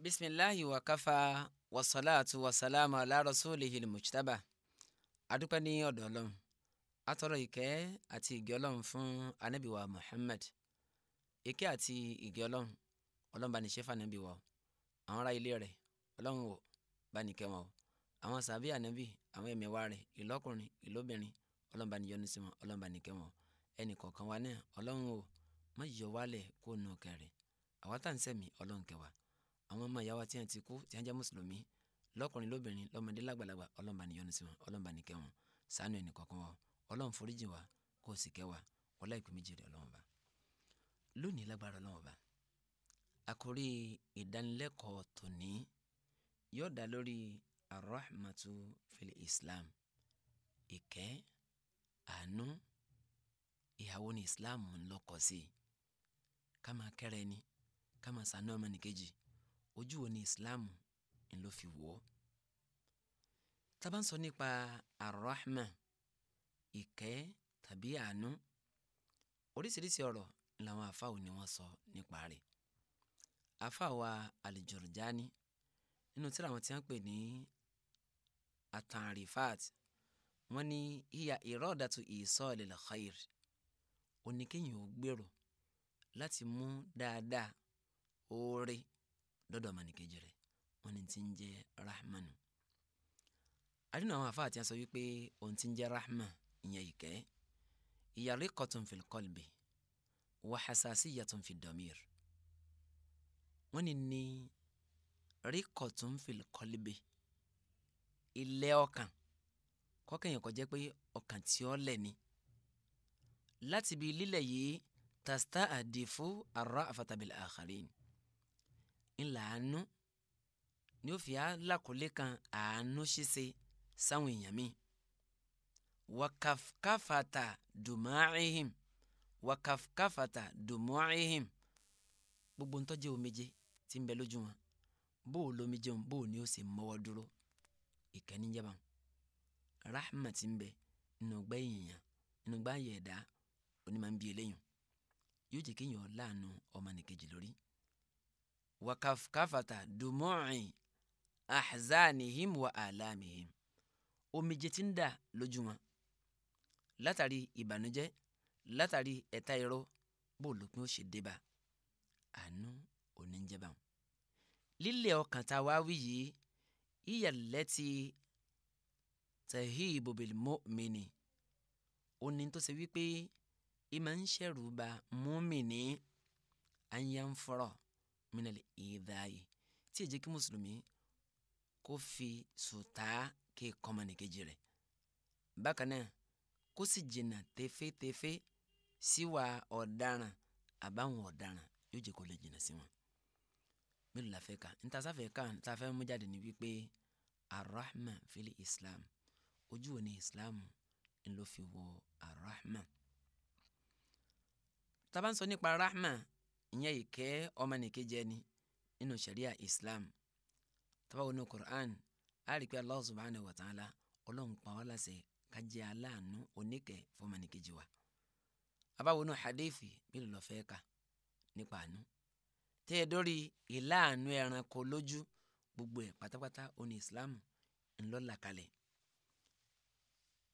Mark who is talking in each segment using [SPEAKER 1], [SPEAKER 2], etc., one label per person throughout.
[SPEAKER 1] bisimilahi wa kafa wasalaatu wasalaamu ala rasulihi mujtaba adúpẹ́ ní ọ̀dọ̀ ọlọ́run atọ́rọ̀ ìkẹ́ àti ìgẹ́ ọlọ́run fún muhammad Ike ati ìgẹ́ ọlọ́run ọlọ́run bá ní ṣe fànábì wa àwọn ará ilé rẹ̀ ọlọ́run wò bá ní kẹ́ wọn o àwọn sàbí ànábì àwọn ẹ̀mẹ̀wá rẹ̀ ìlọ́kùnrin ìlóbìnrin ọlọ́run bá ní yọ́nú sí wọn ọlọ́run bá ní kẹ́ wọn ẹnì kọ̀ọ̀kan wa náà ọlọ́run wò má yọ wálẹ̀ kó nù kẹrẹ̀ àwọn táǹsẹ̀mí ọlọ́run kẹwàá àwọn ọmọ ìyá wa tí wọ́n ti kú tí wọ́n jẹ́ mùsùlùmí lọ́kùnrin lóbìnrin lọ́mọdé lágbàlagbà ọlọ́mọba níyọ́nú sí wọn ọlọ́mọba nìkẹ́ wọn ṣàánú ẹnì kọ̀ọ̀kan wọn ọlọ́run foríjì wa kó o sì kẹ́ wa wọlé ìpín méjì rẹ̀ ọlọ́mọba. lónìí lágbára ọlọ́mọba àkórí ìdánilẹ́kọ̀ọ́ tòní yóò dá lórí arahmatu fil islam ìkẹ́ àánú ìhàwó ni islam ń lọ́kọ̀ sí ká máa kẹ́rẹ́ ni ká máa ṣàánú ọmọnìkejì ojú wo ni Islam ńlọ fi wọ̀ ọ́ tá bá ń sọ nípa arahma ìkẹ́ tàbí àánú oríṣiríṣi ọ̀rọ̀ làwọn àfáà ni wọ́n sọ nípa rẹ̀ àfáà wa Al-Jurjani nínú tírà wọn tí wọ́n pè ní atanrifat wọ́n ní hiya iradatu isal lil khair oníkéyìn ò gbèrò láti mú dáadáa oore dọ́dọ̀ ọmọnìkejì rẹ̀ wọ́n ní ti ń jẹ́ rahmanu àdínà àwọn àfáà tí a sọ wípé òun ti ń jẹ́ rahma ìyẹn ìkẹ́ ìyàrí kọtun fil qalbi wà hasasi yàtun fi dọ̀mír wọ́n ní ní rí kọtun fil qalbi ilẹ̀ ọkàn kọ́kẹ́yìn kọjá pé ọkàn tí ó lẹ̀ ni láti bi lílẹ̀ yìí tasta àdìfú arra àfàtàbílẹ̀ àkàrin ńlàánú ni ó fi alákòólé kan àánú ṣíṣe sáwọn èèyàn mi wakafkafata dùmáàhìm wakafkafata dùmáàhìm gbogbo ntọ́jú omijé tí ń bẹ lójú wọn bó o lomijé wọn bó o ní sì mọ́wọ́ dúró ìkànnì jẹba rahma ti ń bẹ nínú ọgbà èèyàn nínú ọgbà yẹ̀dá onímọ̀ ń bí eléyìí yóò jẹ́ kéèyàn láàánú ọmọnìkejì lórí wakafkafata dumu'i ahzanihim wa alamihim omijé tí ń dà lójú wọn látàrí ìbànújẹ́ látàrí ẹ̀ta irọ́ bó lópin ó ṣe débà àánú oníjẹba wọn. lílẹ̀ ọkàn tá tahibu bil mu'mini oní tó ṣe wípé ìmọ̀ ń ṣẹ̀rù mu'mini anyanfọ́rọ̀ minali ìdáyì tí èjì kí mùsùlùmí kó fi sùtá kí kọ́mọ nìkejì rẹ̀ bákan náà kó sì jìnnà tefetefe síwá ọ̀daràn àbáwọn ọ̀daràn yóò jẹ́ kó lè jìnnà sí wọn mélòó la fẹ́ kà níta kà níta mú jáde ní wípé arahma fili islam ojú wo ni islam ń lọ fi wo arahma tá nípa rahma ìyẹn ìkẹ́ ọmọnìkejì ẹni nínú sharia Islam tá bá wo Qur'an a Allah subhanahu wa ta'ala ọlọ́run pa wá láṣẹ ká jẹ́ aláàánú oníkẹ́ fọmọnìkejì wa abáwo nínú hadithi bí lọ́ọ́ fẹ́ ka nípa àánú tẹ́ ẹ dórí ìláàánú ẹranko lójú gbogbo ẹ̀ pátápátá oní Islam ńlọ́la kalẹ̀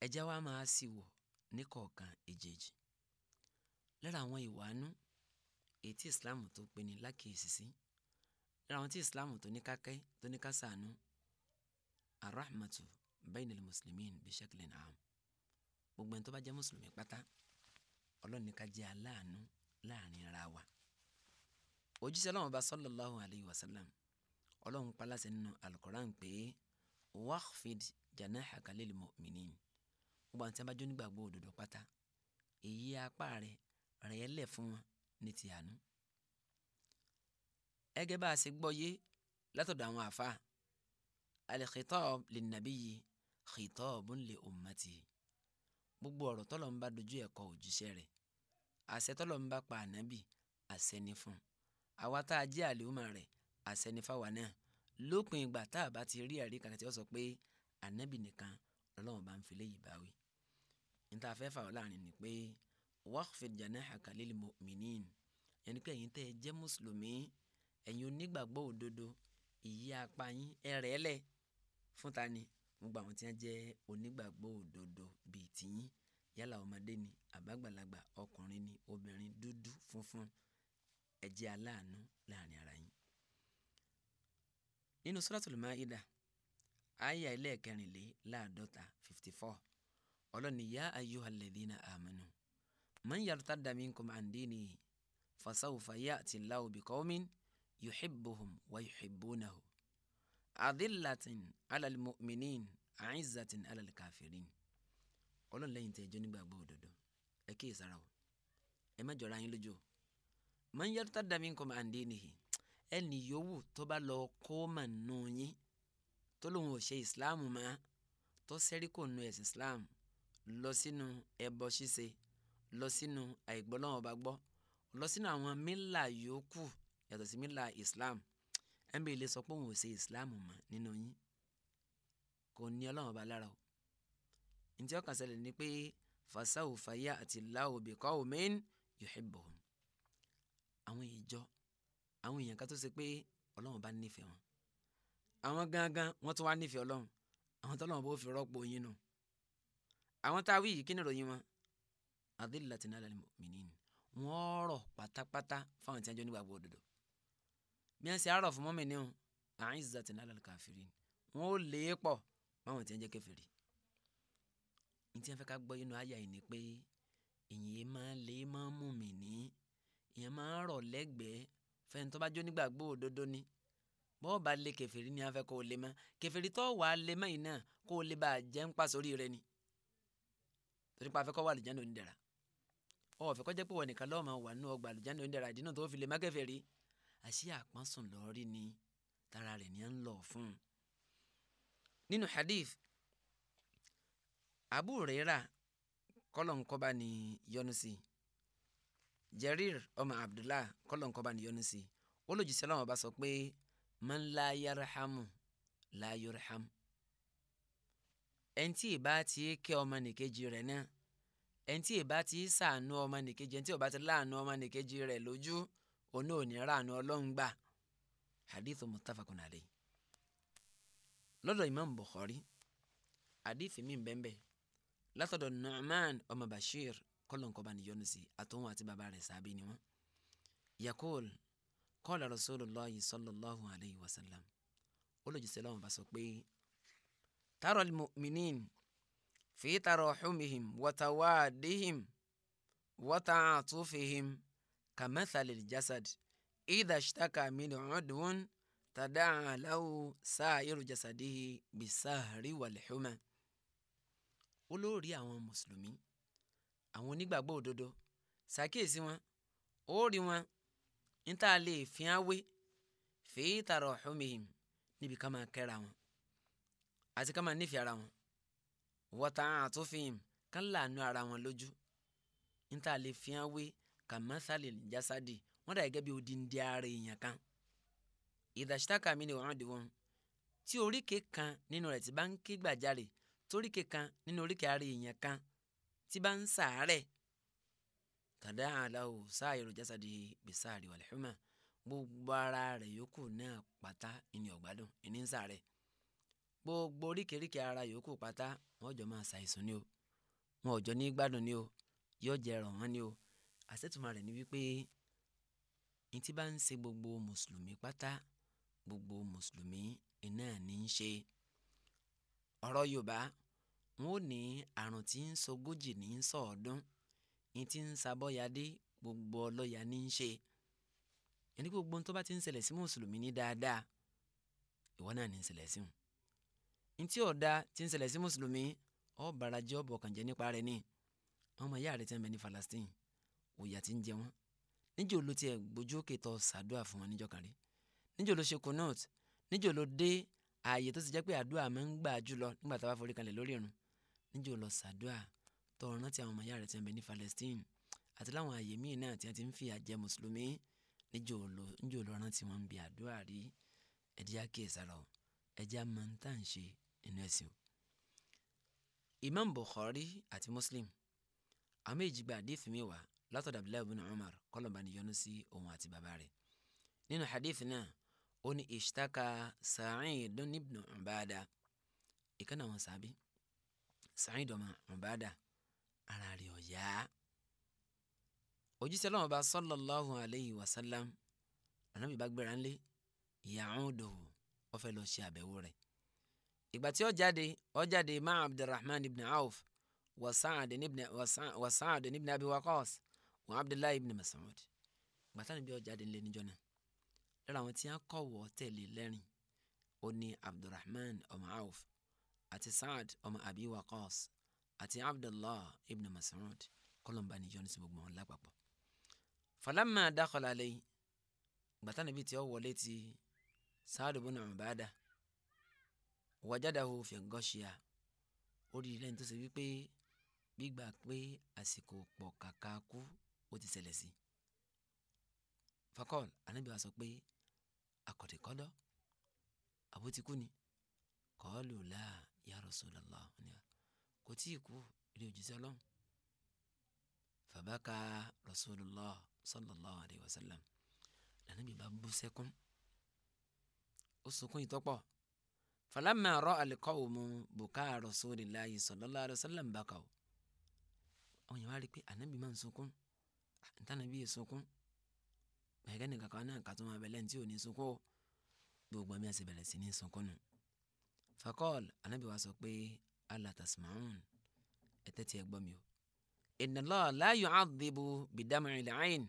[SPEAKER 1] ẹjẹ́ wa máa sì wọ̀ ní kọ̀ọ̀kan èjèèjì lára àwọn ìwà àánú èyí tí islam tó pinni lákìyèsí sí lára àwọn tí islam tó ní kákẹ́ tó ní kásánú arahmatu bainal muslimin bishaklin am gbogbo ẹni tó bá jẹ́ mùsùlùmí pátá ọlọ́run ní ká jẹ́ aláàánú láàrin ara wa òjíṣẹ́ ọlọ́run ọba sallallahu alayhi wa sallam ọlọ́run paláṣẹ nínú alukoran pé waqfid janahaka lil mu'minin gbogbo àwọn tí wọ́n bá jó nígbàgbọ́ òdodo pátá èyí apá rẹ̀ rẹ̀ lẹ̀ fún wọn ní ti àánú. ẹgẹ́ bá a ṣe gbọ́ yé látọ̀dọ̀ àwọn àfa al-khitab lin-nabiyyi khitabun li ummati gbogbo ọ̀rọ̀ tọ́lọ̀ ń bá dojú ẹ̀kọ́ òjíṣẹ́ rẹ̀ àṣẹ tọ́lọ̀ ń bá pa ànábì àṣẹ ni fún un àwa tá a jẹ́ àlèhùnmá rẹ̀ àṣẹ ni fáwa náà lópin ìgbà tá a bá ti rí ẹ̀rí kankan tí ó pé ànábì nìkan Ọlọ́run bá ń fi léyìí báwí níta fẹ́ fà ọ́ láàrin ni pé waqfid janahaka lil mu'minin yẹn pé ẹ̀yin tẹ́ ẹ jẹ́ mùsùlùmí ẹ̀yin onígbàgbọ́ òdodo ìyí apá yín ẹ̀rẹ̀ ẹ̀lẹ̀ fún ta ni gbogbo àwọn tí wọ́n jẹ́ onígbàgbọ́ òdodo bíi tìyín yálà ọmọdé ni àbágbàlagbà ọkùnrin ni obìnrin dúdú funfun ẹ aláàánú láàrin ara yín. nínú suratul Maida àyà ilé ẹ̀kẹrìnléláàádọ́ta fifty four ọlọ́ni yá ayyuhalladhina amanu man yartadda minkum an dinihi fasawfa ya'ti Allahu biqawmin yuhibbuhum wa yuhibbunahu adillatin alal mu'minin a'izzatin alal kafirin ọlọ́run lẹ́yìn tẹ́ ẹjọ́ nígbàgbọ́ òdodo ẹ kí ìsara o ẹ má jọra yín lójú o man yartadda minkum an dinihi ẹnì yòówù tó bá lọ kó mà nù yín tó lóun ò ṣe ìsìláàmù mọ́ tó sẹ́rí kò nu ẹ̀sìn ìsìláàmù lọ sínú ẹbọ ṣíṣe lọ sínú àìgbọ́lọ́wọ́n bá gbọ́ lọ sínú àwọn mílà yòókù yàtọ̀ sí mílà Islam ẹ̀mí ilé sọ pé òun ò ṣe Islam mọ́ nínú yín kò ní ọlọ́wọ́n bá lára o ntí ọkàn ṣẹlẹ̀ ni pé fasáwò fàyà àti láwò bìkọ́ òmìn yuhibbuhum àwọn ìjọ àwọn èèyàn ká tó ṣe pé ọlọ́wọ́n bá nífẹ̀ẹ́ wọn àwọn gangan wọ́n tún wá nífẹ̀ẹ́ ọlọ́run àwọn tọ́lọ́wọ́n bó fi rọ́pò yín nù àwọn táwí yìí kí ni ìròyìn wọn adillatin alal mu'minin wọ́n rọ̀ pátápátá fáwọn tí wọ́n jẹ́ onígbàgbọ́ òdodo bí wọ́n ṣe àárọ̀ fún mọ́mìnì o a'izzatin alal kafirin wọ́n ó lé e pọ̀ fáwọn tí wọ́n jẹ́ kèfèrí ní tí wọ́n fẹ́ ká gbọ́ inú àyà yìí ni pé ìyẹn máa lé máa e mùmínì ìyẹn máa rọ̀ lẹ́gbẹ̀ẹ́ fẹ́ni tó bá jó nígbàgbọ́ òdodo ni bọ́ọ̀ bá lé kèfèrí ni a fẹ́ kó o lè mọ́ kèfèrí tó wà á lè mọ́ yìí náà kó lè bá a ń pa sórí rẹ ni torí pa afẹ́kọ́ wà lè jẹ́ ní onídàra ọ̀fẹ́ kọjá pé wọn nìkan lọ́mọ wà nínú ọgbà àlùjáde onídàrá àdínú tó fi lè má kẹfẹ́ rí àṣì àpọ́nsùn lọ́ọ́rí ni tara rẹ̀ ni à ń lọ fún un. nínú hadith Abu Huraira kọ́lọ̀nkọ́ba ni yọ́nú sí Jarir ọmọ Abdullah kọ́lọ̀nkọ́ba ni yọ́nú sí wọ́n lòdì sí ọlọ́wọ́n bá sọ pé man la yarhamu la yurham ẹni tí ì bá ti kẹ́ ọmọ nìkejì rẹ̀ náà ẹ̀ǹtí ìbá ti sàánú ọmọ nìkejì ẹ̀ǹtí ìbá ti láàánú ọmọ nìkejì rẹ̀ lójú òun náà ò ọlọ́run gbà hadithu muttafaqun alayhi lọ́dọ̀ imam bukhari hadith mi bẹ́ẹ̀ látọ̀dọ̀ nu'man ọmọ bashir kọ́lọ̀nkọ́ba níyọnu sí àtọ́wọn àti bàbá rẹ̀ sábẹ́ ni wọ́n yakul kọ́lá rasulullahi sallallahu alayhi wa sallam olùjíṣẹ́ lọ́wọ́n bá sọ pé tarol mu'minin في تراحمهم وتوادهم وتعاطفهم كمثل الجسد إذا اشتكى من عضو تداعى له سائر جسده بالسهر والحمى olórí àwọn mùsùlùmí àwọn onígbàgbọ́ òdodo ṣàkíyèsí wọn ó rí wọn níta lè fi hàn wé fi tààrọ̀ ọ̀húnmìhìm níbi ká máa kẹ́ra wọn àti ká máa nífẹ̀ẹ́ ara wọn wọ́tá àtúfin kán láàánú ara wọn lójú níta lè fi hàn wé kàmásálì jásádì wọ́n dà bí odindi ara èèyàn kan ìdàṣítàkà mi ni wọ́n di wọn tí oríkèé kan nínú rẹ̀ ti bá ń ké gbàjarè toríkèé kan nínú oríkèé ara èèyàn kan tí bá ń sàárẹ̀ tàdá àdáwò sáàyèrò jásádì bisáàrì wàlẹ́hùmá gbogbo ara rẹ̀ yòókù náà pátá ìní ọ̀gbádùn ìní ń sàárẹ̀ gbogbo oríkèéríkèé ara yòókù pátá wọn jọ máa ṣàìsùn ni o wọn ò jọ ní gbádùn ni o yóò jẹ ẹ̀rọ wọn ni o àṣetùmọ̀ rẹ̀ ni wípé ní tí bá ń ṣe gbogbo mùsùlùmí pátá gbogbo mùsùlùmí iná ní í ṣe ọ̀rọ̀ yorùbá wọn ò ní àrùn tí ń sogójì ní í sọ̀ọ́dún ní tí ń sabọ́yadé gbogbo ọlọ́ya ní í ṣe ẹni gbogbo tó bá ti ń ṣẹlẹ̀ sí mùsùlùmí ní dáadáa ìwọ náà ní í ṣẹlẹ̀ sí wọn ntí ọ̀dà ti ń ṣẹlẹ̀ sí mùsùlùmí ọ̀ bàrà jẹ́ ọ̀bọ̀ kàn nípa rẹ̀ ní ọmọ ìyá rẹ̀ ti ń bẹ ní Palestine òyà ti ń jẹ wọ́n níjọ́ ló tiẹ̀ gbójú òkè tó ṣàdúrà fún wọn níjọ́ kan rí níjọ́ ló ṣe kunut níjọ́ ló dé ààyè tó ti jẹ́ pé àdúrà máa ń gbà jùlọ nígbà tá a bá forí kanlẹ̀ lórí irun níjọ́ ló ṣàdúrà tó rántí àwọn ọmọ ìyá rẹ̀ ti ń bẹ ní Palestine àti láwọn ààyè míì náà tí wọ́n ti ń fìyà jẹ mùsùlùmí níjọ́ ló rántí wọn ń bi àdúrà rí ẹ̀dí àkíyèsára ẹ̀dí àmọ́ ń tà ń ṣe nínú ẹ̀sìn o Imam Bukhari àti Muslim àwọn méjì gba àdéhìí mi wá látọ̀dọ̀ Abdullahi ibn Umar kọ́lọ̀mbà ni yọ́nú sí òun àti bàbá rẹ̀ nínú àdéhìí náà ó ní ìṣtáka Sa'id ibn Ubada ìkànnì àwọn sábẹ́ Sa'id ọmọ Ubada ara rẹ̀ ọ̀yá ojúṣe lọ́wọ́ bá sallallahu alayhi wa sallam ànábì gbéra ńlẹ̀ ìyàwó dòwò ó fẹ́ ṣe àbẹ̀wò rẹ̀ ìgbà tí ó jáde ó jáde ma abdulrahman ibn auf wa saad ibn wa saad ibn abi waqas wa abdullahi ibn mas'ud ìgbà táwọn ibi ó jáde nílé níjọ náà lára àwọn tí wọ́n kọ̀ wọ́ tẹ̀lé lẹ́rìn ó ní abdulrahman ọmọ auf àti saad ọmọ abi waqas àti abdullahi ibn mas'ud kọlọmba níjọ ní sí gbogbo wọn lápapọ̀ falamma dakhala alayhi gbàtà tí ó wọlé ti sáàdù bùnà ọ̀bàdà wàjádàwò fìgọ́ṣíà orí lẹ́yìn tó ṣe wípé gbígbà pé àsìkò pọ̀ kàkà kú ó ti ṣẹlẹ̀ sí i fakọ́l anábì wa sọ pé akọ̀dẹ̀kọ́dọ́ àbótikú ni kọ́ọ̀lù láà ya Rasulullah kò tí ì kú ilé òjíṣẹ́ ọlọ́run fàbákà Rasulullah sallallahu alayhi wa sallam lànàbì bá bú sẹ́kún ó sunkún ìtọ́pọ̀ falamma ra'a al-qawmu bukaa rasulillahi sallallahu alayhi wa sallam bakaw àwọn yẹn wá rí i pé ànábì máa ń sunkún àtànàbì yẹn sunkún bẹ̀rẹ̀ nìkan kan náà kàtó máa bẹ̀lẹ̀ tí ò ní sunkún gbogbo àmì àti bẹ̀rẹ̀ sí ní sunkún nù. fakọ́ọ̀l ànábì wa sọ pé ala tasma'un ẹ̀tẹ́ tiẹ̀ gbọ́ mi o. inna Allah la yu'adhibu bidam'il 'ayn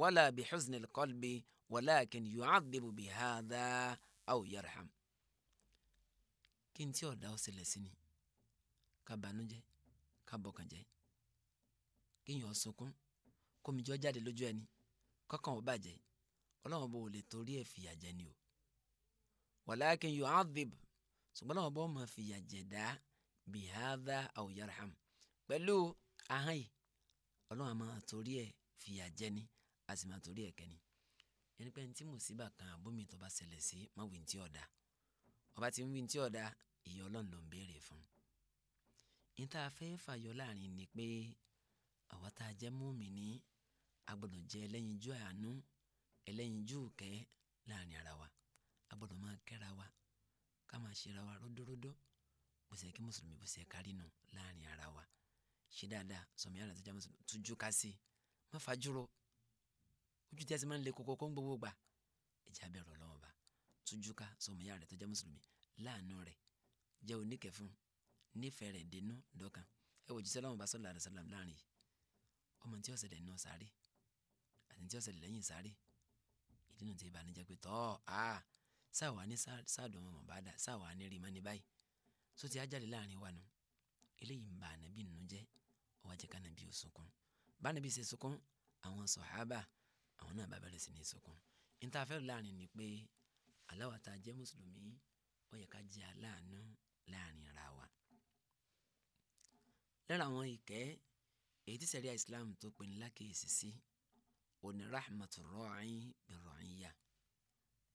[SPEAKER 1] wala bihuznil qalbi walakin yu'adhibu bihadha aw yarham kí n tí ọ̀dà ó ṣẹlẹ̀ sí ni ká banújẹ́ ká bọkànjẹ́ kéèyàn sunkún kómijọ́ jáde lójú ẹni kọ́kàn ó bàjẹ́ ọlọ́run bò lè torí ẹ̀ fìyà jẹ ni o walakin yu'adhib ṣùgbọ́n ọlọ́run bò máa fìyà jẹ dá bihadha aw yarham pẹ̀lú ahọ́n yìí ọlọ́run máa torí ẹ̀ fìyà jẹ ni a sì máa torí ẹ̀ kẹ́ni ẹni pé ntí mùsíbà kan àbómi tó bá ṣẹlẹ̀ sí má wí ntí ọ̀dà ọba tí ń wí ntí ọ̀dà ìyà ọlọ́run ló ń béèrè fún ní tá a fẹ́ fàyọ láàrin ni pé àwa tá a jẹ́ mùmínì a gbọ́dọ̀ jẹ́ ẹlẹ́yinjú àánú ẹlẹ́yinjú kẹ́ láàrin ara wa a gbọ́dọ̀ máa kẹ́ra wa ká máa ṣe ara wa ródóródó bó ṣe kí mùsùlùmí bó kárí nù láàrin ara wa ṣe dáadáa sọmi àrà tó mùsùlùmí tújú ká sí má fajúro ojú tí a ti máa ń le koko kó ń gbowó gbà ẹ̀jẹ̀ abẹ́rẹ́ ọlọ́wọ́ bá tújú ká sọmi àrà tó mùsùlùmí láàánú rẹ̀ jẹ́ oníkẹ́ fún nífẹ̀ẹ́ rẹ̀ dénú dọ́kan ẹ wò jísẹ́ lọ́wọ́ bá sọ́lá rẹ̀ sọ́lá láàrin yìí ọmọ tí ó ṣẹlẹ̀ nínú sáré àti tí ó ṣẹlẹ̀ lẹ́yìn sáré ìdí nu ti ìbànújẹ́ pé tọ́ a sáwà ní sáàdùn ọmọ bàdà sáwà ní rí mọ́ni báyìí só ti ajáde láàrin wa nu eléyìí ń ba ànábì nínú jẹ́ ọwọ́ jẹ́ ká nàbí òsunkún bá nàbí ṣe sunkún àwọn sọ̀hábà àwọn náà bá bẹ̀rẹ̀ sí ní sunkún níta fẹ́ láàrin ni pé aláwa jẹ́ mùsùlùmí ó yẹ ká jẹ́ aláàánú láàrin ara wa. lára àwọn ìkẹ́ èyí tí sẹ̀ríà Islam tó pinnu lákèésí sí òní rahmatu rọ́ọ̀in bìrọ̀ìyà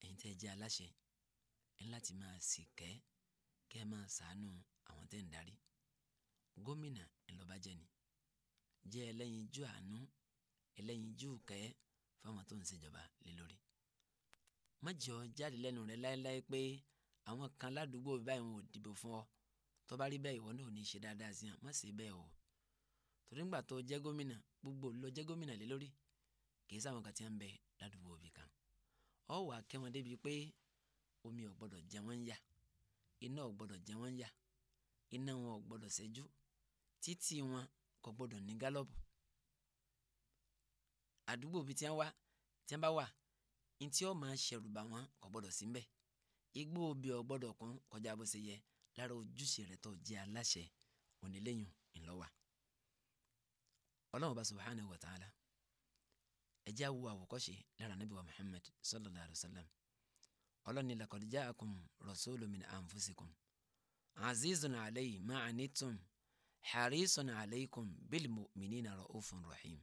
[SPEAKER 1] ẹ̀yin tẹ́ jẹ́ aláṣẹ ẹ̀ láti máa sì kẹ́ kẹ́ ẹ máa sàánú àwọn tẹ́ ń darí gómìnà ńlọbàjẹ́ ni jẹ́ ẹlẹ́yinjú àánú ẹlẹ́yinjú kẹ́ fáwọn tó ń ṣèjọba lé lórí má jáde lẹ́nu rẹ láéláé pé àwọn kan ládùúgbò báyìí wọn ò dìbò fún ọ tó bá rí bẹ́ẹ̀ ìwọ náà ò ní ṣe dáadáa sí wọn má ṣe bẹ́ẹ̀ o torí ńgbà tó jẹ́ gómìnà gbogbo ló jẹ́ gómìnà lé lórí kì í sáwọn kan ti ń bẹ ládùúgbò òbí kan ọ wà kẹ́wọn débi pé omi ò gbọ́dọ̀ jẹ wọ́n ń yà iná ò gbọ́dọ̀ jẹ wọ́n ń yà iná wọn ò gbọ́dọ̀ ṣẹ́jú títì wọn kò gbọ́dọ̀ ní gálọ́ọ̀bù àdúgbò bíi tí wọ́n wá tí wọ́n bá wà ntí ó máa ṣẹ̀rù bà wọ́n kò gbọ́dọ̀ sí mbẹ̀ igbó obì ò gbọ́dọ̀ kún kọjá bó ṣe yẹ lára ojúṣe rẹ̀ tó jẹ́ aláṣẹ onílẹ̀yìn ńlọ́wà ọlọ́run bá subhanahu wa ta'ala ẹjẹ́ awo àwòkọ́ṣe lára nabi wa muhammad sallallahu alayhi wa sallam ọlọ́ni laqad ja'akum rasulun min anfusikum azizun alayhi ma anitum harisun alaykum bil mu'minina ra'ufun rahim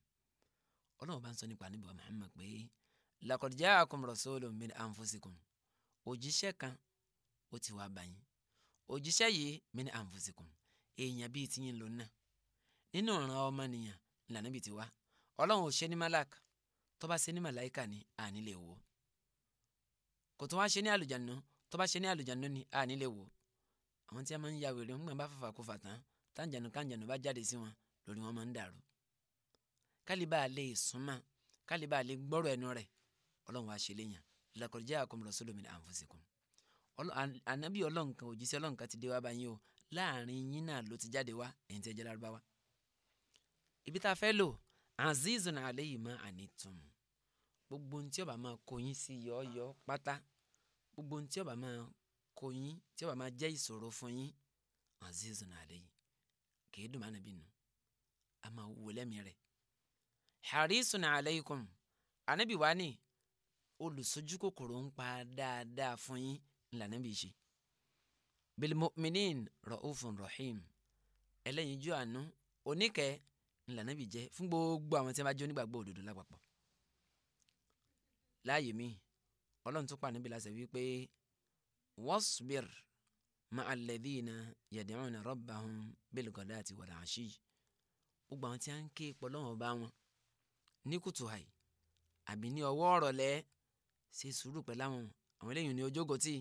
[SPEAKER 1] ọlọ́run bá ń sọ nípa nabi wa muhammad pé laqad ja'akum rasulun min anfusikum òjíṣẹ́ kan ó ti wá bá yín òjíṣẹ́ yìí mi ní àǹfọ̀sìkùn èèyàn bíi tiyín ló ná nínú ọ̀ràn ọmọnìyàn lànà bìí wá ọlọ́run ò ṣe ní malak tó bá ṣe ní malaika ni àní lè wò kò tó wá ṣe ní àlùjáná tó bá ṣe ní àlùjáná ni àní lè wò àwọn tí a máa ń ya wèrè ńgbà bá fàfà kó fàtán táǹjànù káǹjànù bá jáde sí wọn lórí wọn máa ń dàrú kálíbà lè súnmọ́ kálíbà lè gbọ́rọ̀ ẹnu rẹ̀ ọlọ́run wá ṣe léyàn laqad ja'akum rasulun min anfusikum anabi ọlọ́nkan òjíṣẹ́ ọlọ́nkan ti dé wá báyìí o láàrin yín náà ló ti jáde wá ẹ̀yin tí ẹ jẹ́ lárúbáwá. ibi tá a fẹ́ lò azizun alayhi ma anitum gbogbo ohun tí ó bá máa kó yín sí yọ̀ọ́yọ́ pátá gbogbo ohun tí ó bá máa kó yín tí ó bá máa jẹ́ ìṣòro fún dùn máa nàbí nù a máa wò lẹ́mìí rẹ̀ harisun alaykum anabi wa ni olùsojú kòkòrò ń pa dáadáa fún yín ńlànà bí ṣe. bilmuminin ra'ufun rahim ẹlẹ́yinjú àánú oníkẹ́ ńlànà bí jẹ́ fún gbogbo àwọn tí wọ́n bá jẹ́ onígbàgbọ́ òdodo lápapọ̀. láàyè mi ọlọ́run tó pa níbi láṣẹ wípé wasbir ma'a alladhina yad'una rabbahum bilghadati wal 'ashi gbogbo àwọn tí wọ́n ń ké pọ̀ lọ́wọ́ bá wọn ní kùtù àì àbí ní ọwọ́ ọ̀rọ̀ lẹ́ẹ́ ṣe sùúrù pẹ̀lú àwọn àwọn eléyìí ní ojókòó tí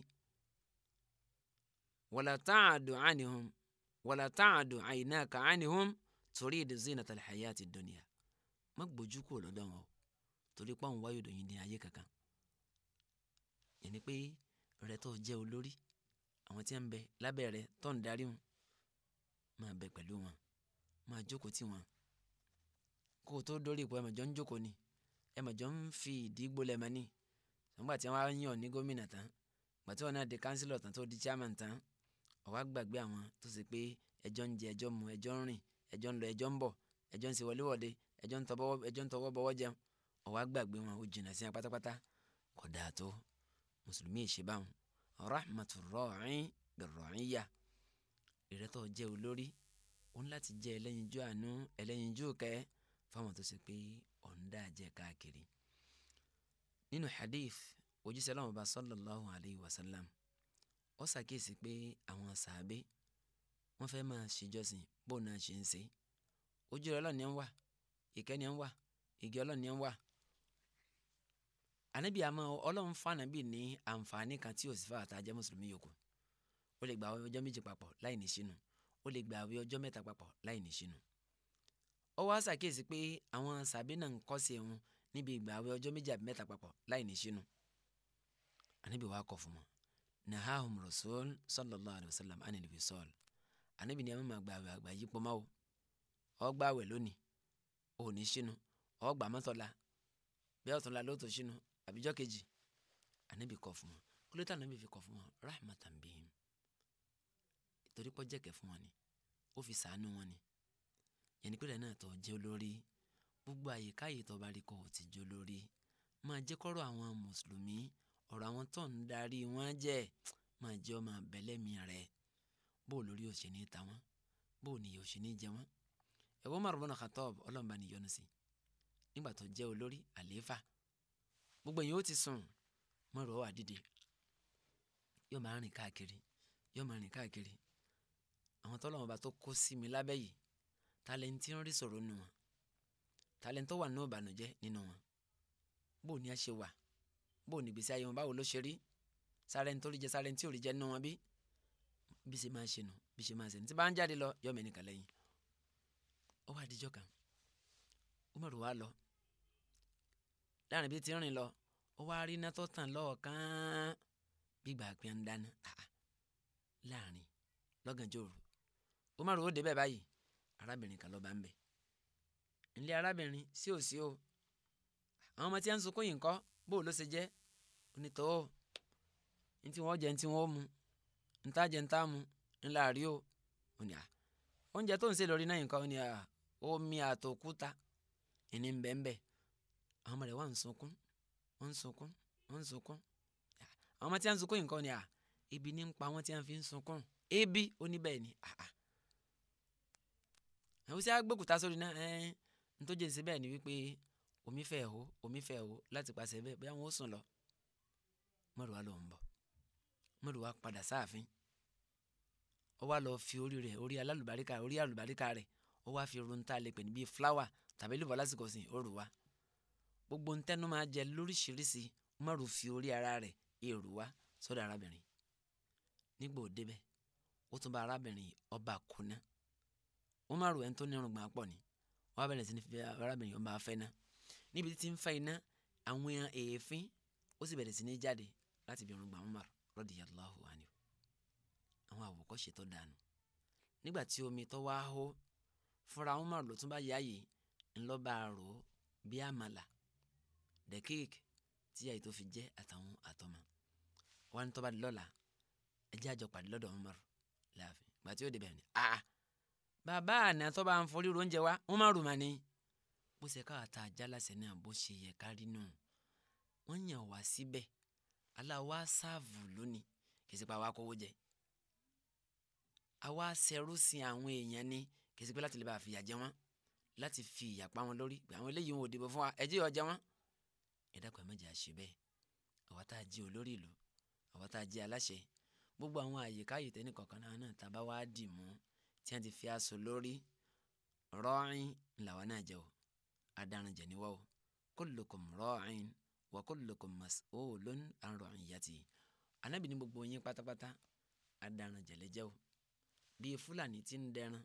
[SPEAKER 1] wàlá táàdù ànihùn wàlá táàdù àyìnáka ànihùn torí èdè zinatal hayati dunya má gbójú kúrò lọ́dọ̀ wọn torí pé wáyò dòyìn ní ayé kankan yẹni pé rẹ tó jẹ́ olórí àwọn tí ń bẹ lábẹ́ rẹ tó ń darí wọn máa bẹ pẹ̀lú wọn máa jókòó tì wọn kó o tó dórí ipò ẹ mà ń jókòó ni ẹ mà ń fi ìdí gbólẹ̀ mà ní nígbà tí wọ́n á yàn ní gómìnà tán nígbà tí wọ́n náà di kánsílọ̀ tán tó di chairman tán ó wá gbàgbé àwọn tó ṣe pé ẹjọ́ ń jẹ ẹjọ́ mu ẹjọ́ ń rìn ẹjọ́ ń lọ ẹjọ́ ń bọ̀ ẹjọ́ ń ṣe wọléwọ̀de ẹjọ́ ń tọwọ́ bọwọ́ jẹun ó wá wọn ó jìnnà sí wọn kò dáa tó mùsùlùmí ìṣe báwọn rahmatu rọ̀ọ́ín bẹ̀rọ̀ọ́ín yá ìrẹ́tọ̀ jẹ́ olórí ó ní láti jẹ́ ẹlẹ́yinjú àánú ẹlẹ́yinjú kẹ́ fáwọn tó ṣe pé ọ̀ǹda jẹ́ káàkiri nínú hadith òjíṣẹ́ ọlọ́run ọba sallallahu alayhi wa sallam ó ṣàkíyèsí pé àwọn sàábé wọ́n fẹ́ máa ṣèjọsìn bóun náà ṣe ń ṣe ojú rẹ̀ ọlọ́ọ̀ni ń wà ìkẹ́ni ń wà ìgẹ́ ọlọ́ọ̀ni ń wà ànábì àmọ́ ọlọ́run fànàbì ní àǹfààní kan tí òsì fáwọn àtàjẹ́ mùsùlùmí yòókù ó lè gbà ọjọ́ méjì papọ̀ láì ní sínú ó lè gbà ọjọ́ mẹ́ta papọ̀ láì sínú ó wá ṣàkíyèsí pé àwọn sàbí náà ń kọ́ sí ẹ̀hún níbi ìgbà àwẹ̀ ọjọ́ méjì àbí mẹ́ta papọ̀ láì ní sínú anabi wa kọ̀ fún wọn nahahum rasul sallallahu alayhi wa sallam anil bisol anabi ni a máa gba àwẹ̀ àgbà yípo máa o ọ gba àwẹ̀ lónìí o ní sínú ọ gbà mọ́tọ́la bí ọ̀tọ́la ló tó sínú àbíjọ́ kejì anabi kọ̀ fún wọn kúlótà anabi fi kọ̀ fún wọn rahmatan bihim torí pọ́ jẹ́kẹ̀ fún wọn ni ó fi sàánú wọn ni yẹnni pé lẹ́yìn náà tó jẹ́ olórí gbogbo àyíká yìí tó bá rí kó o ti jó lórí máa jẹ́ kọ́rọ̀ àwọn mùsùlùmí ọ̀rọ̀ àwọn tó ń darí wọn jẹ́ máa jẹ́ ọmọ abẹ́lẹ́mì rẹ̀ bó lórí ó ṣe ní ta wọn bó nìyẹn ó ṣe ní jẹ wọn ẹ̀wọ́n Umar ibn Khattab ọlọ́mọba níyọnu sí nígbà tó jẹ́ olórí àlééfà gbogbo yìí ó ti sùn mọ̀rọ̀ wà dìde yóò máa rìn káàkiri yóò máa rìn káàkiri àwọn tọ́lọ́mọba tó kó sí mi lábẹ́ yìí ta lẹ́ni tí ń rí sọ̀rọ̀ nù wọn talento wà nínú ìbànújẹ́ nínú wọn bó ni a ṣe wà bó ni gbèsè ayé wọn báwo ló ṣe rí sáré ní tó rí jẹ sáré ní tí ò rí jẹ nínú wọn bí bí ṣe máa ṣe nù bí ṣe máa ṣe nù tí bá ń jáde lọ yọmọ ẹnìkan lẹ́yìn ó wà díjọ́ kan Umar wá lọ láàrin bí ti rìn lọ ó wá rí iná tó tàn lọ́ọ̀kán gbígbà pé ń dáná láàrin lọ́gànjọ́ òru Umar ó débẹ̀ báyìí arábìnrin kan ló bá ń bẹ̀ ńlẹ́ arábìnrin sí òsì o àwọn ọmọ tí ń sunkún yìí ló ṣe o ní tí wọ́n jẹ ní tí wọ́n mu ńta jẹ mu ńlá rí o òní à oúnjẹ tó ń ṣe lórí náà nǹkan òní à omi àtòkúta ìní ń àwọn ọmọ ebi ní ń pa tí ebi ni àà àwọn sórí nítorí jẹ́ síbẹ̀ ni wípé omi fẹ́ o omi fẹ́ o láti pàṣẹ bẹ́ẹ̀ bóyá wọn ó sùn lọ mọ́rù wa ló ń bọ̀ mọ́rù wa padà sáàfin ó wá lọ fi orí rẹ̀ orí alálùbáríkà orí alùbáríkà rẹ̀ ó wá fi runta lè pè ní bíi fúláwà tàbí lùbọ̀ lásìkò sìn òrù wa gbogbo ntẹnu máa jẹ lóríṣiríṣi mọ́rù fi orí ara rẹ̀ èrò e sọ́dọ̀ arábìnrin nígbà òde bẹ́ẹ̀ ó tún bá arábìnrin ọba kùnà wọ́n má rò ẹni tó nírùngbọ̀n apọ̀ ni wọ́n abẹ́rẹ́ sí ní fi arábìnrin yìí ń bá a fẹ́ ná níbi tí ń fa iná àwọn èéfín ó sì bẹ̀rẹ̀ sí ní jáde láti bí ọ̀run gbà Umar radiyallahu anhu àwọn àwòkọ́ṣe tó dànù nígbà tí omi tó wá hó fúnra Umar ló tún bá yá yìí ńlọ́ba rò ó bí àmàlà dẹ́kíkì tí àyè tó fi jẹ́ àtàwọn àtọ́mọ wọn tó lọ́la ẹjẹ́ àjọpàdé lọ́dọ̀ Umar láàfin gbàtí ó débẹ̀ ni ah bàbá àná tó bá ń forí oúnjẹ wa wọ́n má rùmà ni bó ṣe káwá tá a jálàsẹ̀ náà bó ṣe yẹ kárí náà wọ́n yàn wá síbẹ̀ aláwa sáàvù lónìí kì ṣe pé àwa kówó jẹ àwa ṣẹrú àwọn èèyàn ni kì í ṣe pé láti lè bá fìyà jẹ wọ́n láti fi ìyà pa wọn lórí pé àwọn eléyìí wọn ò dìbò fún wa ẹjẹ ọjà wọn ẹ dákun ẹ má jẹ́ àṣẹ bẹ́ẹ̀ àwa tá a jẹ́ olórí ìlú àwa tá a jẹ́ aláṣẹ gbogbo àwọn àyíká yìí tẹ́nìkọ̀ọ̀kan náà tá a bá wá dì mú tí a ti fi aṣọ lórí rọ́ọ̀in làwọn náà jẹ́ o adarun jẹ̀ níwá o kullukum rọ́ọ̀in wa kullukum mas'ulun an ra'iyati anábì ní gbogbo yín pátápátá adarun jẹ̀lẹ̀ jẹ́ o bí fúlàní ti ń dẹran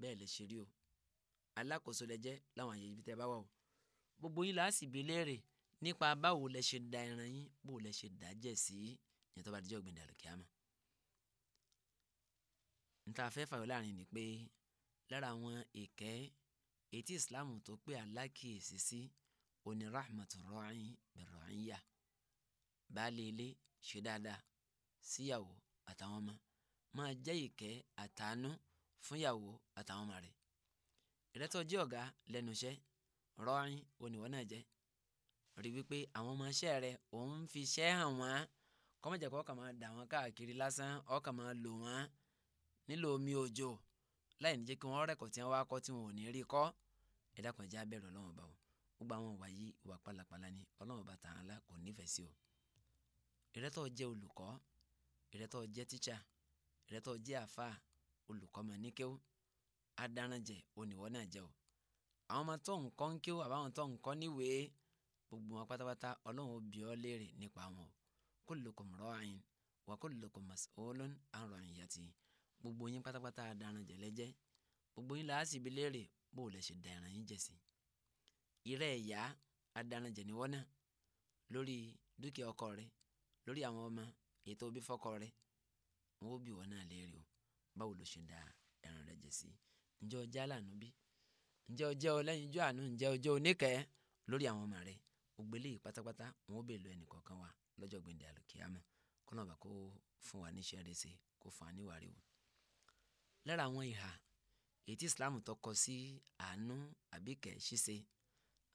[SPEAKER 1] bẹ́ẹ̀ lè ṣe rí o alákòóso lẹ láwọn àyè ibi tẹ́ bá wà o gbogbo yín làá sì léèrè nípa báwo lẹ ṣe da ẹran yín bó lẹ ṣe dájẹ́ sí yẹn tó bá dijọ́ gbẹ̀dẹ̀ àlùkìyàmá níta fẹ́ fàyọ láàrin ni pé lára àwọn ìkẹ́ etí Islam tó pé alákìyèsí sí oní rahmatu rọ́ọ̀yìn bẹ̀rọ̀ọ̀yìn yá baálé ilé ṣe dáadáa síyàwó àtàwọn ọmọ máa jẹ́ ìkẹ́ àtàánú fúnyàwó àtàwọn ọmọ rẹ̀ ìrẹ́tọ́ jẹ́ ọ̀gá lẹ́nu iṣẹ́ rọ́ọ̀yìn oníwọ́ náà jẹ́ rí wípé àwọn ọmọ iṣẹ́ rẹ̀ òun fi iṣẹ́ hàn wọ́n kọ́mọ̀jẹ̀kọ́ ọkàn máa dà wọ́n káàkiri lásán ọkàn máa lò wọ́n nílò omi òjò láì ní jẹ́ kí wọ́n rẹ̀kọ̀ tí wọ́n wá kọ́ tí wọn ò ní rí kọ́ ẹ dákun ẹ jẹ́ abẹ̀rù ọlọ́run ọba o gbogbo àwọn ìwà yìí ìwà pálapàla ni ọlọ́run ọba Ta'ala kò nífẹ̀ẹ́ sí o ìrẹ́tọ̀ jẹ́ olùkọ́ ìrẹ́tọ̀ jẹ́ tíṣà ìrẹ́tọ̀ jẹ́ àfa olùkọ́ mà ní kéwú adáranjẹ oníwọ́ náà jẹ́ o àwọn ọmọ tó nǹkan ń kéwú àbáwọn tó nǹkan níwèé gbogbo wọn pátápátá ọlọ́run ó bi ọ́ léèrè nípa wọn o kullukum ra'in wa kullukum mas'ulun an ra'iyatihi gbogbo yín pátápátá daran jẹ̀lẹ́jẹ́ gbogbo yín làá sì bi léèrè bó o lè ṣe daran yín jẹ̀ sí ìrẹ́ ẹ̀yà adaran jẹ̀ níwọ́ náà lórí dúkìá ọkọ rẹ lórí àwọn ọmọ ètò òbí fọkọ rẹ wọn ó bi wọn náà léèrè o báwo ló ṣe da ẹran rẹ jẹ̀ sí ǹjẹ́ ọjà lànà bí ǹjẹ́ ọjẹ́ ọlẹ́yinjú àánú ǹjẹ́ ọjẹ́ oníkẹ́ lórí àwọn ọmọ rẹ gbogbo eléyìí pátápátá wọn ó bèèrè lọ ẹnìkọ̀ọ̀kan wa lọ́jọ́ gbẹ̀ndẹ̀ àlùkìyàmọ́ kọ́nà kó fún wa níṣẹ́ rẹ̀ ṣe kó fún wa níwàrí o lára àwọn ìhà èyí tí islam tó kọ sí àánú àbíkẹ́ ṣíṣe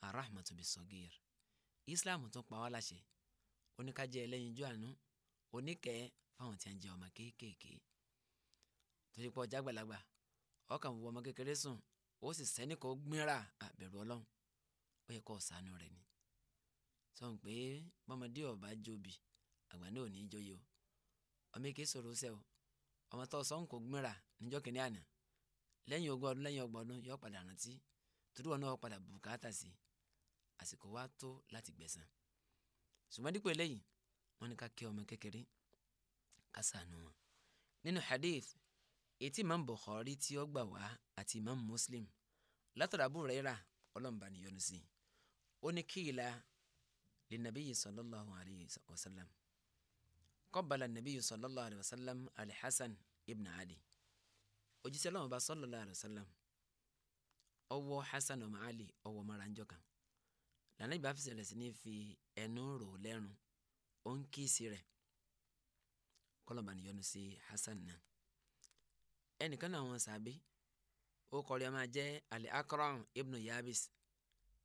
[SPEAKER 1] arahmatu bisogir islam tó pa wá láṣẹ oníkájẹ́ ẹlẹ́yinjú àánú oníkẹ́ fáwọn tí a ń jẹ ọmọ kéékèèké tó ṣe pọ̀ jágbàlagbà ọkàn wọ ọmọ kékeré sùn ó sì sẹ́ni kò gbínra àbẹ̀rù ọlọ́run ó yẹ kó ṣàánú rẹ̀ ni sọ̀n pé bọ́mọdé ọba jóbi àgbà náà ò ní í jóye o ọmọ èké sọ̀rọ̀ sẹ́ ọmọ tó sọ ń kò gbéra níjọ́ kìíní àná lẹ́yìn ogún ọdún lẹ́yìn ọgbọ̀n ọdún yóò padà rántí torí wọn náà padà bùkátà sí àsìkò wa tó láti gbẹ̀san ṣùgbọ́n dípò eléyìí wọ́n ní ká kí ọmọ kékeré ká ṣàánú wọn nínú hadith etí imam bukhari tí ó gbà wá àti imam muslim látọ̀dọ̀ Abu Hurairah ọlọ́mùbá ni yọ́nú sí i ó ní kíyìlá lè nàbí yìí sallallahu alayhi wa qabala nabi sallallahu alayhi wa sallam alḥasan ibn ali òjíṣẹ́ Ọlọ́run bá sallallahu alayhi wa sallam ó wọ́ hasan ọmọ ali ó wọ́ mara njọ́ kan lànà ìbá fìṣẹ̀lẹ̀ sí ní fi ẹnu rò lẹ́run ó ń kíìsì rẹ̀ kọ́lọ́ba níyọnu sí hasan náà ẹnìkan náà wọn sàbí ó kọrin ọmọ ajẹ́ ali akram ibn yabis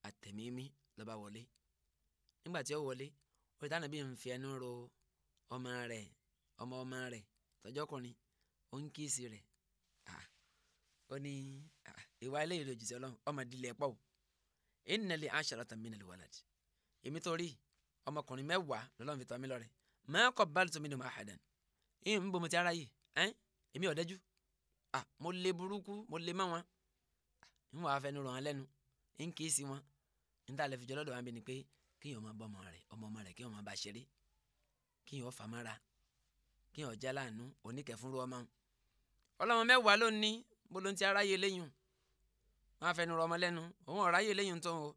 [SPEAKER 1] àtẹ̀mímí lọ́ba wọlé nígbà tí ó wọlé ó ti dáná bí n fi ẹnu rò lẹ́run ọmọ rẹ̀ ọmọ ọmọ rẹ̀ tọjọ́kùnrin ó ń kíìsì rẹ̀ ó ní ìwà ilé ìlú òjijì ọlọ́run ọmọ ìdílé ẹ̀pọ̀ ìnnẹ̀lẹ̀ asharata minal èmi tó ọmọkùnrin mẹ́wàá fi mi ìyẹn ń ti ara yìí èmi ò mo burúkú mo wọn ń fẹnu ràn án ń ọmọ ọmọ ọmọ kíyàn fàmọ́ra kíyàn já láàánú oníkẹ́ fúnrú ọmọ ọlọ́mọ mẹ́wàá ló ní bolo ti aráyé lẹ́yìn wọn afẹnu rọmọ lẹ́nu òun ọ̀ráyé lẹ́yìn tó ń o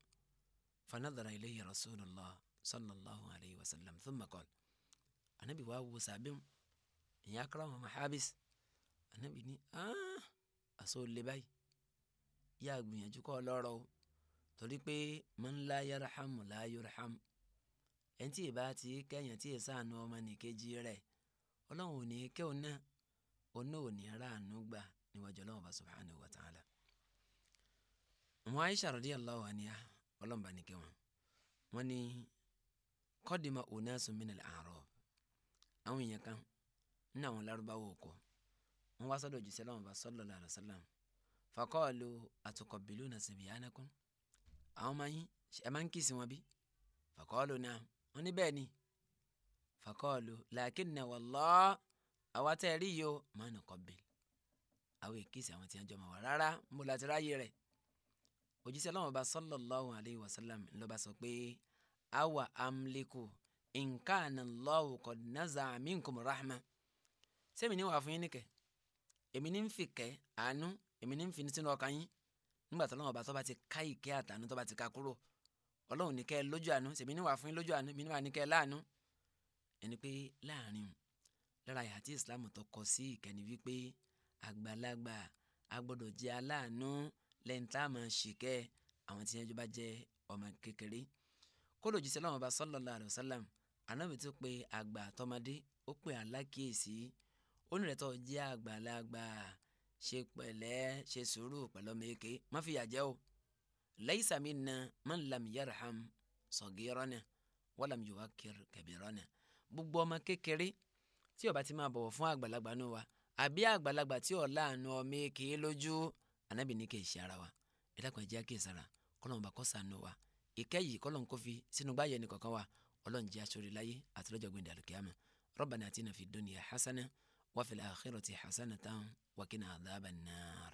[SPEAKER 1] fanadara ilayhi rasulullah sallallahu alayhi wa sallam thumma qala anabi wa wo sàbẹ̀m ìyá akara wọn mahabis anabi ni aṣọ olè báyìí yá gbìyànjú kọ́ lọ́rọ̀ o torí pé man la yarham la yurham ẹni tí ìbá ti kẹ́yìn tí ìsàánú ọmọnìkejì rẹ̀ ọlọ́run ò ní kẹ́ òun náà òun ò ní ráàánú gbà níwájú ọlọ́run bá subhanahu wa ta'ala. wọn Aisha radiyallahu anha ọlọ́run bá ní kí wọn wọn ní qadima unasun minal a'rab àwọn èèyàn kan ní àwọn lárúbáwò kọ wọn wá sọ́dọ̀ òjíṣẹ́ lọ́wọ́ bá sallallahu alaihi wasallam faqalu atuqabbiluna sibyanakum àwọn máa ń kí sí wọn bí faqalu náà wọ́n ní bẹ́ẹ̀ ni fàkọọ̀lù làákìnnà wàlọ́ àwa tẹ́ ẹ rí yìí o máa nà kọ́ bẹ́ẹ̀ àwọn èkìsì àwọn tí wọ́n jọ mọ̀ wá rárá mo láti ráyè rẹ̀ òjíṣẹ́ ọlọ́run ọba sallallahu alayhi wa sallam lọ́ba sọ pé awa amliku nkaana Allahu qad naza'a minkum rahma sẹ́mi ní wà fún yín nìkẹ́ èmi ní ń fi àánú èmi ní ń sínú ọkàn yín nígbà tó lọ́wọ́ ọba tó ti ká ìkẹ́ àtàánú tó bá ti ká kúrò ọlọ́run ní kẹ́ ẹ lójú àánú ṣèmi níwà fún yín lójú àánú mi níwà ní kẹ́ ẹ láàánú ẹni pé láàrin lára yàrá tí Islam tó kọ sí ìkànnì wípé àgbàlagbà a gbọ́dọ̀ jẹ́ aláàánú lẹ́yìn tá a máa ṣìkẹ́ àwọn tí ẹjọ́ bá jẹ́ ọmọ kékeré kóló jíṣẹ́ láwọn ọba sallallahu alaihi wasallam anábì tó pe àgbà àtọmọdé ó pe alákìyèsí onírètọ́ jẹ́ àgbàlagbà ṣe pẹ̀lẹ́ ṣe sùúrù pẹ̀lú laysa minna man lam yarham saghirana wa lam yuwaqqir kabirana gbogbo ọmọ kékeré tí ó bá ti máa bọ̀wọ̀ fún àgbàlagbà nù wa àbí àgbàlagbà tí ó láàánú ọmọ èké lójú anábì ní kèé ara wa ẹ dákun ẹ kọ́lọ́mù bá kọ́ sànù wa ìkẹ́ kọ́lọ́mù kó fi sínú gbáyẹ̀ ní kọ̀ọ̀kan wa ọlọ́run jẹ́ aṣọ rí àti lọ́jọ́ gbẹ̀ndẹ̀ àlùkìyàmà rabbana atina fid dunya hasana wa fil akhirati hasanatan wa qina adhaban nar.